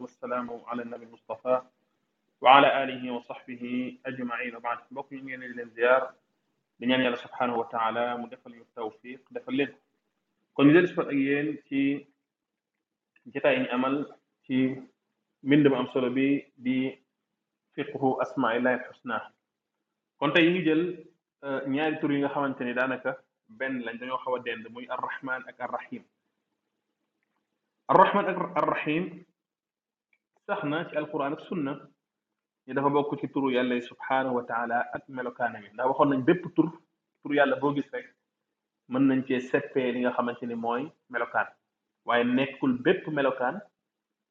والسلام على النبي المصطفى waala alihi wa sahbihi ajmain wa baad mbokk ñu ngeen di leen ziar di ñaan yàlla subhanahu wa taala mu defal ñu tawfiq defal leen kon ñu leen sifat ak yéen ci jotaay ñu amal ci mbind mu am solo bi di fiqhu asmaillahi alxusna kon tey ñu jël euh, ñaari tur yi nga xamante ni daanaka benn lañ dañoo xaw a dend muy arrahman ak arrahim arrahman ak arrahim sax na ci alquran ak sunna ni dafa bokk ci turu yàlla yi subhaanahu wa ak melokaanam yi ndax waxoon nañ bépp tur turu yàlla boo gis rek mën nañ cee seppee li nga xamante ni mooy melokaan waaye nekkul bépp melokaan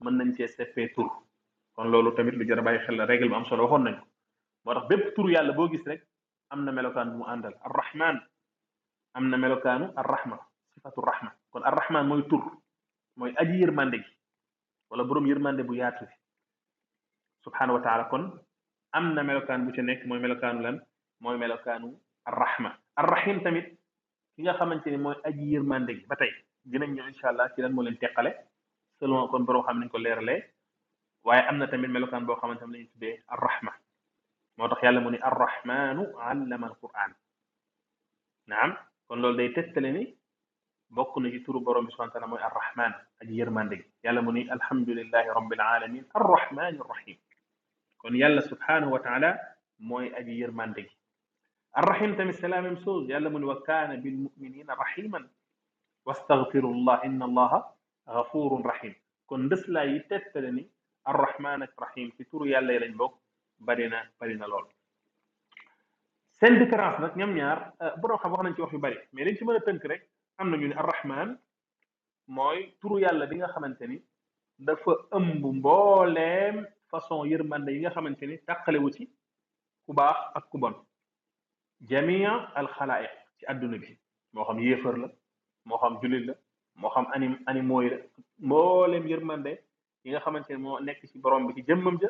mën nañ cee seppee tur kon loolu tamit lu jar a xel la règle bu am solo waxoon nañ ko tax bépp turu yàlla boo gis rek am na melokaan bu mu àndal arrahman am na melokaanu arrahma sifatu rahma kon arrahman mooy tur mooy aji yërmande gi wala boroom yërmande bu yaatu bi subhanahu wa taala kon am na melokaan bu ca nekk mooy melokaanu lan mooy melokaanu arrahma arrahim tamit ki nga xamante ni mooy aji yërmande gi ba tey dinañ ñëw incha allah ci lan moo leen teqale selon kon borom xam nañ ko le waaye am na tamit melokaan boo xamante ne lañu tuddee arrahma moo tax yàlla mu ni arrahmanu allama alquran naam kon loolu day testale ni bokk na ci turu borom bi subhanahu mooy arrahman aji yërmande gi yàlla mu ni alhamdulillahi rabbil alamin arrahmani arrahim kon yàlla subhanahu wa taala mooy aji yërmande gi arrahim tamit c'est ni wa kaana rahim kon ndës yi tettale ni arrahman ak bokk bari na bari na lool seen différence nag ñoom ñaar euh, borom xam wax nañ ci wax yu bari mais ci mën a tënk am nañu ne arrahman mooy turu yàlla bi nga xamante ni dafa ëmb mbooleem façon yërmande yi nga xamante ni tàqalewu ci ku baax ak ku bon jamia alxalaaiq ci adduna bi moo xam yéefar la moo xam jullit la moo xam anim animaux yi la mbooleem yërmande yi nga xamante ni moo nekk ci borom bi ci jëmmam ja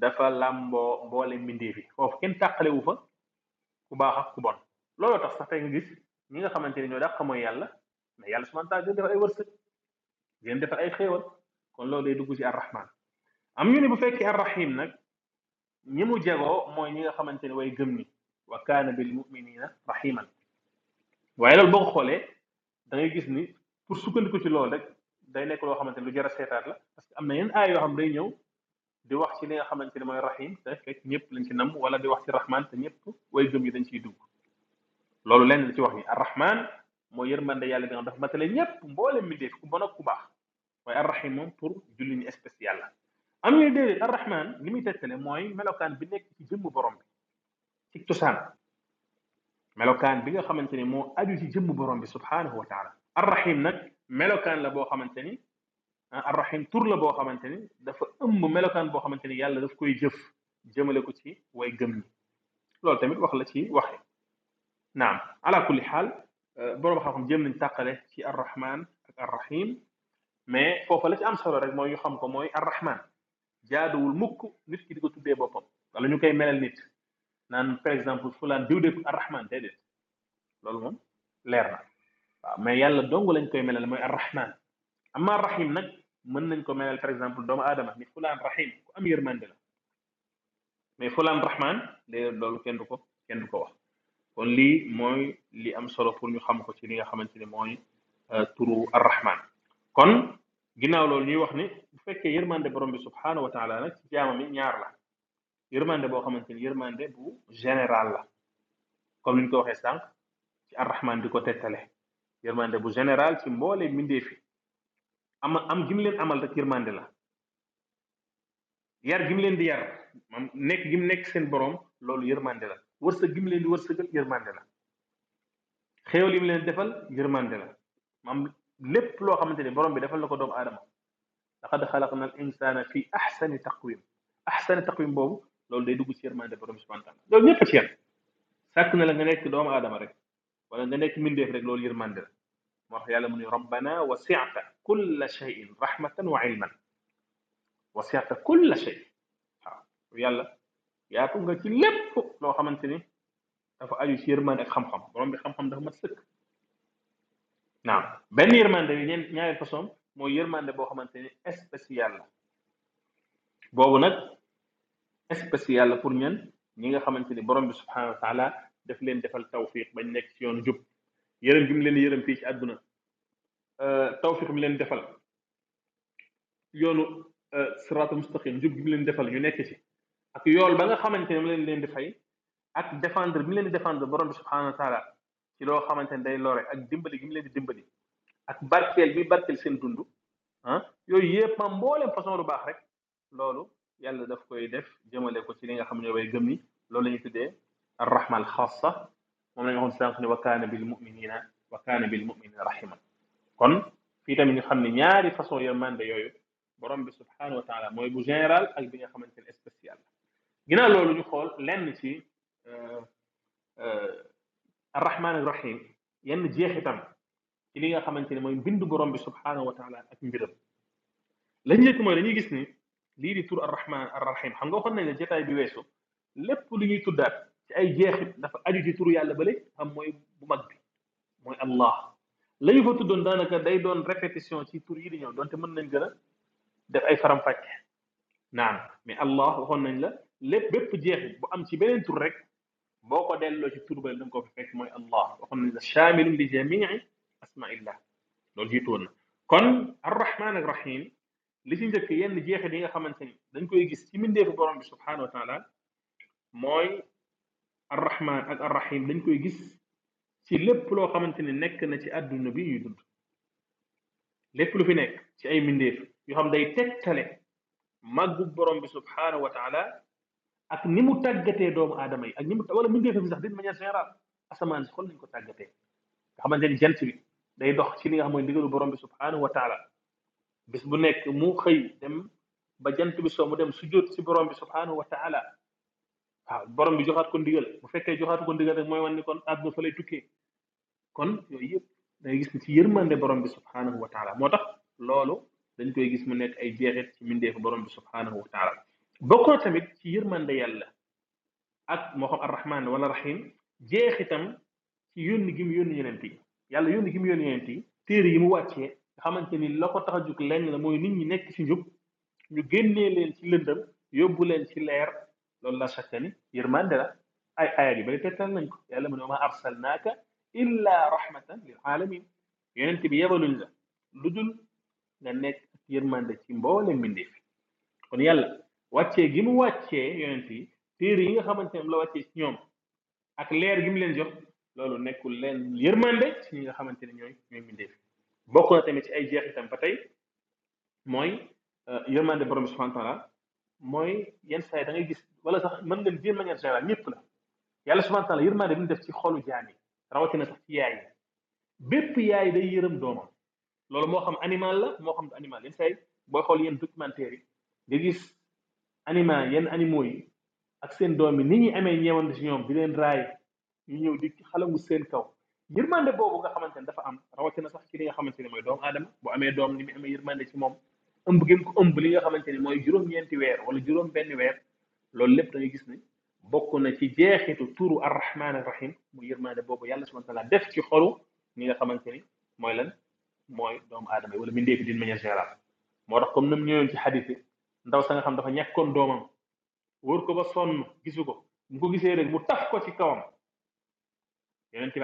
dafa làmboo mbooleem mbindéef yi foofu kenn tàqalewu fa ku baax ak ku looloo tax sax tey nga gis ñi nga xamante ni ñoo dàq mooy yàlla mais yàlla suma wa taala dafa ay wërsëg leen defal ay xéewal kon loolu day dugg ci arrahman am ñu ne bu fekkee arrahim nag ñi mu jegoo mooy ñi nga xamante ne way gëm ni wa kaana bil muminina rahiman waaye loolu boo ko xoolee da ngay gis ni pour sukkandiku ci loolu rek day nekk loo xamante ne lu jar a seetaat la parce que am na yenn aay yoo xam day ñëw di wax ci li nga xamante ne mooy rahim te fekk ñëpp lañ ci nam wala di wax ci rahman te ñëpp way gëm yi dañ ciy dugg loolu lenn la ci wax ni arrahman mooy yërmande yàlla bi nga xam dafa matale ñépp mboole mbindeef ku bon ku baax waaye arrahim moom pour julli ñu spécial la am ñuy li muy tegtale mooy melokaan bi nekk ci jëmm borom bi ci cosaan melokaan bi nga xamante ni moo aju ci jëmm borom bi subhaanahu wa taala arrahim nag melokaan la boo xamante ni ah, arrahim tur la boo xamante ni dafa ëmb melokaan boo xamante ni yàlla daf koy jëf jëmale ko ci way gëm ñi loolu tamit wax la ci wax naam ala kulli xaal eh, boroom xam-xam jéem nañ tàqale ci arrahman ak arrahim mais foofa la am solo rek mooy ñu xam ko mooy arrahman jaadowul mukk nit ki di ko tuddee boppam wala ñu koy melal nit naan par exemple fulaan diw de arrahman déedéet loolu moom leer na mais yàlla dong lañ koy melal mooy arrahman amma rahim nag mën nañ ko melal par exemple doomu aadama ni fulaan rahim ku am yërmande la mais fulaan rahman déedéet loolu kenn du wax kon lii mooy li am solo pour ñu xam ko ci li nga xamante ni mooy euh, turu arrahman kon ginnaaw loolu ñuy wax ni bu fekkee yërmande borom bi subhaanahu wa taala nag ci jaamam yi ñaar la yërmande boo xamante ni yërmande bu général la comme niñ ko waxee sànq ci arrahman di ko tegtale yërmande bu général ci mboole mbindee fi am am gim amal rek yërmande la yar gim leen di yar maanaam nekk gim nekk seen borom loolu yërmande la wërsëg gi mu leen di wërsëgal yërmande la xéewal yi mu leen defal yërmande la maam lépp loo xamante ni borom bi defal na ko doomu aadama laqad xalaqna al insana fi ahsani taqwim ahsani taqwim boobu loolu day dugg ci yërmande borom bi subhanahu wa taala loolu na la nga nekk doomu aadama rek wala nga nekk mbindeef rek loolu yërmande la moo wax yàlla mu ne rabbana wasi'ta kulla shay'in rahmatan wa ilman wasi'ta kulla shay waaw yàlla yaatu nga ci lépp loo xamante ni dafa aju ci yërmande ak xam-xam borom bi xam-xam dafa mat sëkk naam benn yërmande bi ñeen ñaari façon mooy yërmande boo xamante ni spécial la boobu nag spécial la pour ñen ñi nga xamante ni borom bi subhanahu wa taala leen defal tawfiq bañ nekk ci yoon jub yërëm bi mu leen yërëm fii ci àdduna euh, tawfiq mi leen defal yoonu euh, siraatul mustaqim jub bi mu leen defal ñu nekk ci ak yool ba nga xamante ne mu leen leen di fay ak défendre bi mu leen di défendre borom bi subhanahu wa taala ci loo xamante ne day lore ak dimbali gi leen di dimbali ak barkeel bi barkeel seen dund ah yooyu yëpp ma façon lu baax rek loolu yalla daf koy def jëmale ko si li nga xam ne way gëm ni loolu la ñuy tuddee arrahma al xaasa moom la ñu waxoon sànq ne wa kaana bil muminina wa kaana bil muminina kon fii tamit ñu xam ne ñaari façon yërmande yooyu borom bi subhanahu wa taala mooy bu général ak bi nga xamante ne spécial ginnaaw loolu ñu xool lenn ci euh, euh, arrahman arrahim yenn jeexitam ci li nga xamante ne mooy bindu borom bi subhanahu wa ak mbiram la njëkk mooy dañuy gis ni lii di tur xam nga waxoon nañ ne jotaay bi weesu lépp lu ñuy tuddaat ci ay jeexit dafa aju ci turu yàlla bële xam mooy bu mag bi mooy allah la ñu fa tuddoon daanaka day doon répétition ci tur yi di ñëw donte mën nañ gën a def ay faram-fàcce naam mais allah waxoon nañ la lépp bépp jeexit bu am ci beneen tur rek boo ko delloo ci tur ba da nga ko fekk mooy allah waxoon nañ la shaamilun li jamii asmaillah loolu jiitu woon na kon arrahman ak rahim li ci njëkk yenn jeexit yi nga xamante ni dañ koy gis ci mbindeefu borom bi subhanahu wa taala mooy arrahman ak arrahim dañ koy gis ci lépp loo xamante ni nekk na ci adduna bi ñuy dund lépp lu fi nekk ci ay mbindeef yoo xam day tegtale màggu borom bi subhanahu wa taala ak ni mu tàggatee doomu aadama yi ak ni wala mu ndeefa fi sax d'une manière générale asamaan si xool nañ ko tàggatee nga xamante ni jant bi day dox ci li nga xam mooy ndigalu borom bi subhanahu wa taala bis bu nekk mu xëy dem ba jant bi soo mu dem sujjóot si borom bi subhanahu wa taala waaw borom bi joxaat ko ndigal bu fekkee joxaat ko ndigal rek mooy wan ni kon àdduna fa lay kon yooyu yëpp da ngay gis ni ci borom bi subhanahu wa taala moo tax loolu dañ koy gis mu nekk ay jeexit ci mindeefu borom bi subhanahu wa bokkoo tamit ci yërmande yàlla ak moo xam arrahman wala rahim jeex itam ci yónni gi mu yónni yonent yi yàlla yónni gi mu yónni yi téere yi mu wàccee nga xamante ni la ko tax a jug lenn la mooy nit ñi nekk ci njub ñu génnee leen ci lëndam yóbbu leen ci leer loolu la shakka ni yërmande la ay aaya yi bari tettal nañ ko yàlla mu ne wama arsalnaaka illa rahmatan lil alamin yonent bi yebaluñ la lu dul nga nekk ak yërmande ci mboolem mbindeef kon yàlla wàccee gi mu wàccee yonent yi téere yi nga xamante ne la wàccee ci ñoom ak leer gi mu leen jox loolu nekkul leen yërmande ci ñi nga xamante ne ñooy ñooy mbindeef bokk na tamit ci ay jeex itam ba tey mooy euh, yërmande borom bi subhanahu wa taala mooy yenn gis wala sax mën nga dire manière générale ñëpp la yàlla subhanahu wa taala yërmande bi mu def ci xolu jaam yi rawatina sax ci yaay yi bépp yaay day yërëm doomam loolu moo xam animal la moo xam du animal yenn saa yi booy xool yenn documentaire yi nga gis animaux yenn animaux yi ak seen doom yi ni ñuy amee ñeewante si ñoom di leen raay ñu ñëw xale xalangu seen kaw yërmande boobu nga xamante dafa am rawatina sax ki li nga xamante ne mooy doomu aadama bu amee doom ni mu amee yërmande moom ëmb gi ko li nga xamante ne mooy juróom-ñeenti weer wala juróom-benn weer loolu lépp da gis ne bokk na ci jeexitu turu arrahman arrahim mu yërmande boobu yàlla subhanahu wa taala def ci xolu ñi nga xamante ni mooy lan mooy doomu aadama yi wala mi yi d'une manière générale moo tax comme ni mu ci xadis ndaw sa nga xam dafa ñàkkoon doomam wër ko ba sonn gisu ko mu gisee rek mu taf ko ci kawam yonent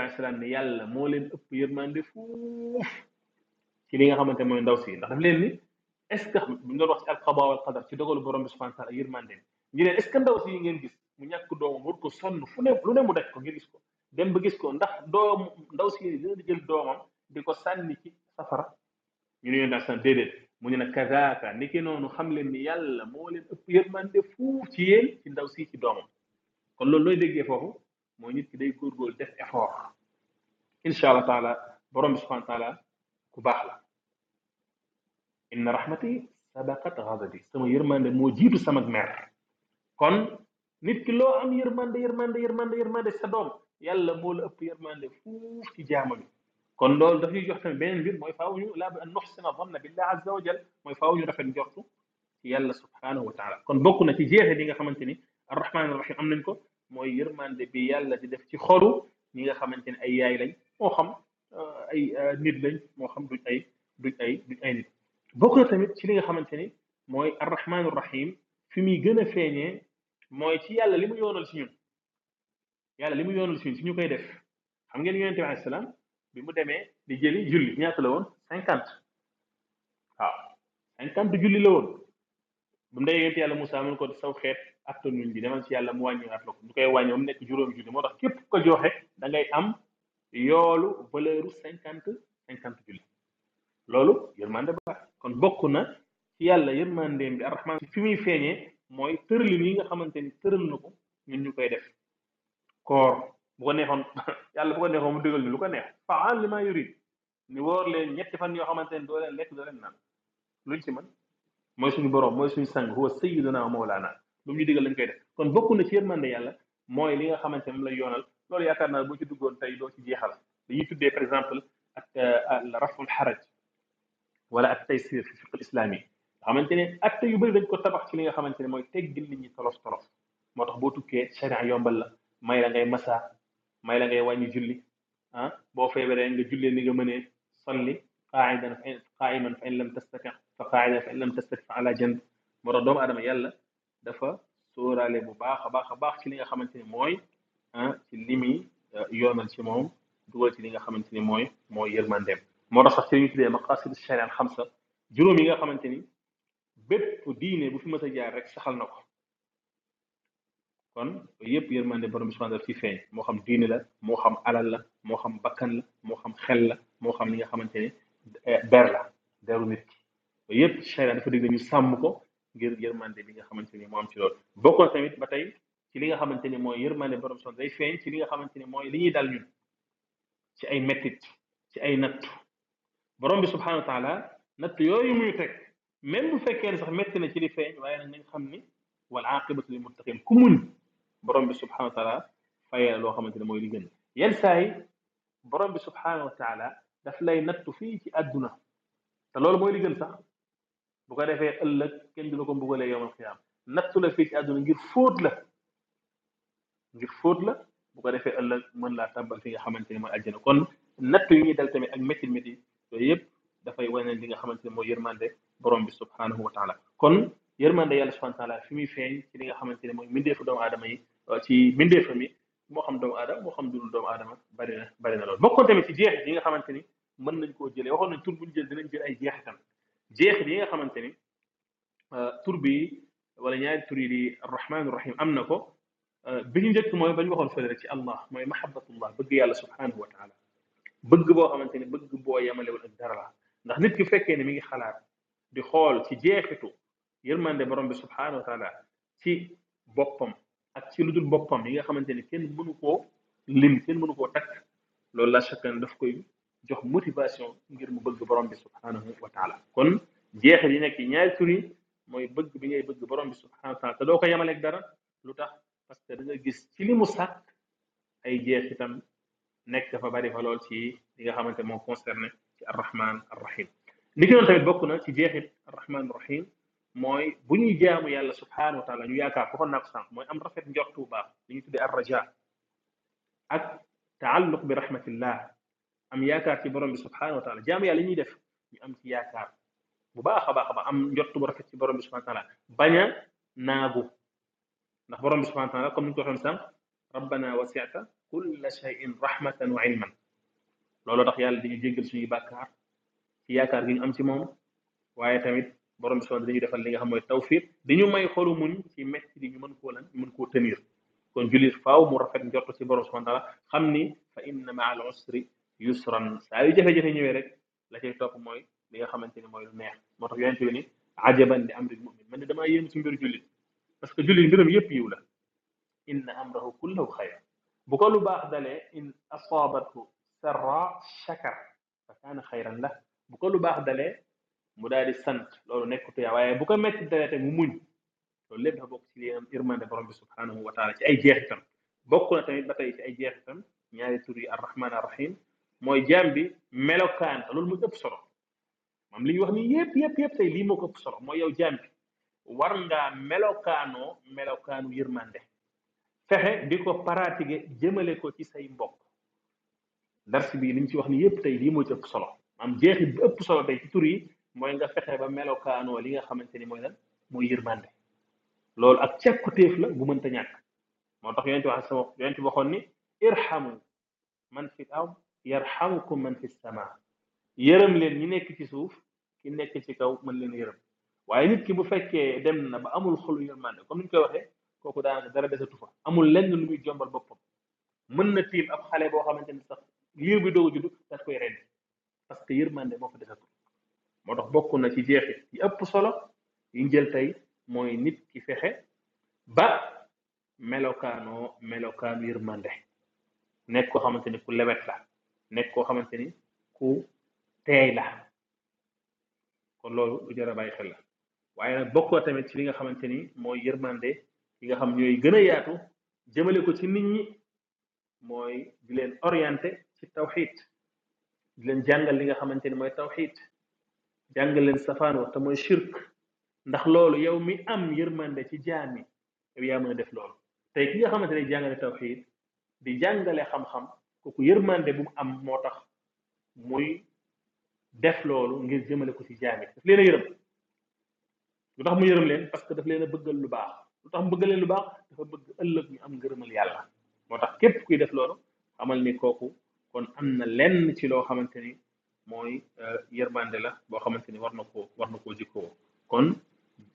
bi yàlla moo leen ëpp yërmande fuuf ci li nga xamante mooy ndaw si ndax daf est-ce que buñ doon wax ci alqada wal qadar ci dogalu borom bi subhanahu wa taala ñu leen est-ce que ngeen gis mu ñàkk doomam wër ko sonn fu ne lu ne mu daj ko ngir gis ko dem ba gis ko ndax doom ndaw si dina di jël doomam di ko sànni ci safara ñu ne yonent bi déedéet mu ñu ne kazaaka niki noonu xam leen ni yàlla moo leen ëpp yërmande fuuf ci yéen ci ndaw si ci doomam kon loolu looy déggee foofu mooy nit ki day góorgóorlu def effort incha allah taala borom bi subhanahu wa ku baax la inna rahmati sabaqat ghadabi sama yërmande moo jiitu sama mer kon nit ki loo am yërmande yërmande yërmande yërmande sa doom yàlla moo la ëpp yërmande fuuf ci jaama kon loolu daf ñuy jox tamit beneen mbir mooy faaw ñu laa bi an nuxsina zanna billah azza wa jal mooy faaw ñu rafet njortu ci yàlla subhanahu wa taala kon bokk na ci jeexe yi nga xamante ni arrahman arrahim am nañ ko mooy yërmande bi yàlla di def ci xolu ñi nga xamante ni ay yaay lañ moo xam euh, ay euh, nit lañ moo xam duñ ay duñ ay duñ ay nit bokk na tamit ci li nga xamante ni mooy arrahman arrahim fi muy gën a feeñee mooy ci yàlla li mu yoonal ci ñun yàlla li mu yoonal ci ñun ci ñu koy def xam ngeen yonente bi alayhi salaam bi mu demee di jëli julli ñaata la woon cinquante waaw cinquante julli la woon bu mu dee yàlla mu mun ko saw xeet attanuñ bi demal ci yàlla mu wàññiwaat la ko ñu koy wàññi ba mu nekk juróomi julli moo tax képp ko joxe da ngay am yoolu valeur cinquante cinquante julli loolu yërmande ba kon bokk na ci yàlla yërmandeem bi arrahman fi muy feeñee mooy tëralin yi nga xamante ni tëral na ko ñun ñu koy def koor bu ko neexoon yàlla bu ko neexoon mu dëgal ñu lu ko neex faal li ma yurid ñu wóor leen ñetti fan yoo xamante ne doo leen lekk doo leen naan luñ ci man mooy suñu borom mooy suñu sang huwa sayyiduna mawlana lu mu ñu digal lañ koy def kon bokk na ci yërmande yàlla mooy li nga xamante ne lay yoonal loolu yaakaar naa boo ci duggoon tey doo ci jeexal dañuy tuddee par exemple ak euh, al raful xaraj wala ak taysir fi fiqh islami nga xamante ne acte yu bëri dañ ko tabax ci li nga xamante ne mooy teggil nit ñi tolof tolof moo tax boo tukkee sharia yombal la may la ngay masa may la ngay wàññi julli ah, boo feebaree nga jullee ni nga mënee salli qaidan fa in qaiman fa in lam tastati fa qaidan fa lam tastati fa ala janb moo tax doomu adama yàlla dafa sóoraale bu baax a baax a baax ci li nga xamante ni mooy ah ci li muy euh, yoonal ci moom dugal ci li nga xamante ni mooy mooy yërmandeem moo tax sax ci li ñu tuddee maqasid sharia al xamsa juróom yi nga xamante ni bépp diine bu fi mës jaar rek saxal na ko kon yëpp yërmande borom bi subhanahu fi feeñ moo xam diine la moo xam alal la moo xam bakkan la moo xam xel la moo xam li nga xamante ne ber eh, la deru yëpp chariat sàmm ko ngir yërmande bi nga xamante ni moo am ci loolu bokkoon tamit ba tey ci li nga xamante ni mooy yërmande borom son day feeñ ci li nga xamante ni mooy li ñuy dal ñun ay mettit ci ay nattu borom bi subhanahu wa taala nattu yooyu muy teg même bu fekkee na ci li feeñ waaye xam ni wala aqibatu lil muttaqin ku muñ borom bi subhanahu wa faye la loo xamante ne mooy li gën yenn saay yi borom bi subhanahu wa taala daf lay nattu fii ci àdduna te loolu mooy li sax bu ko defee ëllëg kenn du la ko mbugalee yowmal xiyaam nattu la fii ci àdduna ngir fóot la ngir fóot la ko defee ëllëg mën laa tàbbal fi nga xamante ne mooy àjjana kon nattu yi ñuy dal tamit ak métti métti yooyu yëpp dafay wane li nga xamante ne mooy yërmande borom bi subhanahu wa taala kon yërmande yàlla subhanahu wa taala fi muy feeñ ci li nga xamante ne mooy mbindeefu doomu aadama yi Euh, ci mbindeefam yi moo xam doomu aadama moo xam dudul doomu aadama bari na bari na loolu bokkoon tamit ci jeex yi nga xamante ni mën nañ koo jëlee waxoon nañ tur buñu jël dinañ jël ay jeexitam jeexit yi nga xamante ni euh, tur bi wala ñaari tur yi di arrahman rahim am na ko euh, bi ñu njëkk mooy bañ waxoon fële rek ci allah mooy mahabbatullah bëgg yàlla subhanahu wa taala bëgg boo xamante ni bëgg boo yemalewul ak dara la ndax nit ki fekkee ne mi ngi xalaat di xool ci jeexitu yërmande borom bi subhanahu wa taala ci boppam ak ci lu dul boppam yi nga xamante ni kenn mënu koo lim kenn mënu takk loolu la chacun daf koy jox motivation ngir mu bëgg boroom bi subhanahu wa taala kon jeexal yi nekk ci ñaari tur yi mooy bëgg bi ngay bëgg borom bi subhanahu wa taala te doo ko yemaleeg dara lu tax parce que da gis ci li mu sàkk ay jeex itam nekk dafa bari fa lool ci li nga xamante moo concerné ci arrahman arrahim li ki noonu tamit bokk na ci jeexit arrahman arrahim mooy bu ñuy jaamu yàlla subhaanahu wa taala ñu yaakaar ko naa ko sànq mooy am rafet njortu bu baax li ñu tuddee ar raja ak taalluq bi rahmatillah am yaakaar ci borom bi subhaanahu wa taala jaamu yàlla ñuy def ñu am ci yaakaar bu baax a baax a baax am njortu bu rafet ci borom bi subhaanahu wa taala bañ a naagu ndax borom bi subhaanahu wa taala comme ni ñu ko waxoon sànq rabbana wasi'ta kulla shay'in rahmatan wa ilman looloo tax yàlla dañu jéggal suñuy bàkkaar ci yaakaar gi ñu am ci moom waaye tamit borom bi subhanahu dañuy defal li nga xam mooy tawfiq di ñu may xolu muñ ci metti di ñu mën koo lan mën koo tenir kon jullit faaw mu rafet njort ci borom subhanahu taala xam ni fa inna ma al usri saa yu ñëwee rek la cay topp mooy li nga xamante ni mooy lu neex moo tax yonent bi ni ajaban li amril mumin man ne damaa yéem ci mbiru jullit parce que jullit mbiram yépp yiw la inna amrahu la xayr bu ko lu baax dalee in asaabathu sarra shakar fa kaana xayran la bu ko lu baax dalee mu daal di sant loolu nekk tuya waaye bu ko métti dalee mu muñ loolu lépp dafa bokk ci li am irmande borom bi subhanahu wa taala ci ay jeexitam bokk na tamit ba tey ci ay jeexitam ñaari tur yi arrahman arrahim mooy jaam bi melokaan te loolu ëpp solo moom li wax ni yëpp yëpp yëpp tey lii moo mooy yow jaam bi melokaanu yërmande fexe di ko jëmale ko ci say mbokk dars bi li ñu wax ni yëpp tey lii moo ci ëpp solo maam jeexit bi ëpp solo tey ci tur yi mooy nga fexe ba melokaanoo li nga xamante ni mooy lan mooy yërmande loolu ak cekkutéef la bu mënta ñàkk moo tax yonent wax sama yonent waxoon ni irhamu man fi aw yarhamukum man fi sama yërëm leen ñi nekk ci suuf ki nekk ci kaw mën leen yërëm waaye nit ki bu fekkee dem na ba amul xolu yërmande comme ni koy waxee kooku daanaka dara desatu fa amul lenn lu muy jombal boppa mën na tiim ab xale boo xamante ni sax liir bi doog a judd daf koy rendi parce yërmande moo fa desatu moo tax bokk na ci jeexit yi ëpp solo yi njël tey mooy nit ki fexe ba melokaanoo melokaanu yërmande nekk koo xamante ni ku lewet la nekk koo xamante ni ku teey la kon loolu lu a bàyyi xel la waaye nag bokkoo tamit ci li nga xamante ni mooy yërmande yi nga xam ñooy gën a yaatu jëmale ko ci nit ñi mooy di leen orienté ci tawxiit di leen jàngal li nga xamante ni mooy tawxiit jàngaleen leen safaan wax ndax loolu yow mi am yërmande ci jaam yi yow yaa def loolu tey ki nga xamante ne jàngale tawxiid di jàngale xam-xam kooku yërmande bu am moo tax muy def loolu ngir jëmale ko ci jaam yi daf leen a yërëm lu tax mu yërëm leen parce que daf leen a bëggal lu baax lu tax mu bëggal leen lu baax dafa bëgg ëllëg ñu am ngërëmal yàlla moo tax képp kuy def loolu xamal ni kooku kon am na lenn ci loo xamante ni mooy euh, yërmande la boo xamante ni war na koo war na koo jikkoo kon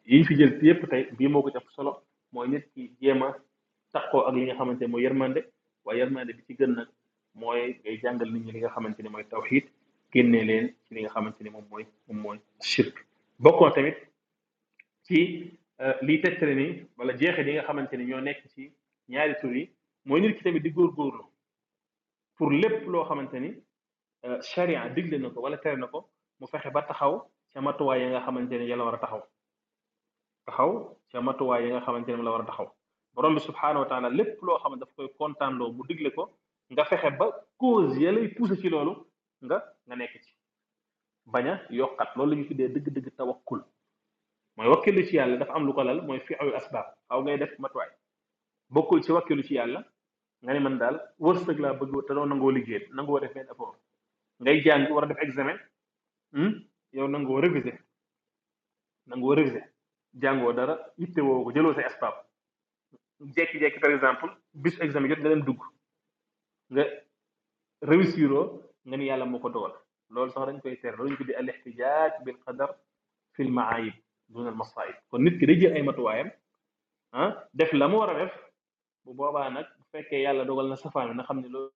yiñ fi jël yëpp tey bii moo ko def solo mooy nit ki jéem a takkoo ak li nga xamante ni mooy yërmande waaye yërmande bi ci gën nag mooy ngay jàngal nit li nga xamante ni mooy tawxiid génne leen ci li nga xamante ni moom mooy moom mooy shirk bokkoon tamit ci euh, li tegtale ni wala jeexe li nga xamante ni ñoo nekk ci ñaari tur yi mooy nit ki tamit di góor góorgóorlu pour lépp loo xamante ni charia digle na ko wala tere na ko mu fexe ba taxaw ca matuwaay ya nga xamante ne yàlla war a taxaw taxaw ca matuwaay ya nga xamante ne la war a taxaw borom bi subhaanahu wa taala lépp loo xam ne daf koy kontaanloo mu digle ko nga fexe ba cause ya lay poussé ci loolu nga nga nekk ci bañ a yokkat loolu la ñu tuddee dëgg-dëgg tawakkul mooy wakkilu ci yàlla dafa am lu ko lal mooy fi'lu asbaab xaw ngay def matuwaay bokkul ci wakkilu ci yàlla nga ne man daal wërsëg laa bëgg te doo nangoo liggéey nangoo def benn effort ngay jàng war a def examen hmm? yow nangoo réviser nangoo réviser jàngoo dara yitte woo ko jëloo sa espace jekki-jekki par exemple bis examen jot nga dem dugg nga réussiroo nga ni yàlla moo ko dogal loolu sax dañ koy teer loolu ñu tuddee al ixtijaaj bil qadar fil maayib dun al kon nit ki day jël ay matuwaayam ah, def la mu war def bu boobaa nag bu fekkee yàlla dogal na safaan bi na xam ne loolu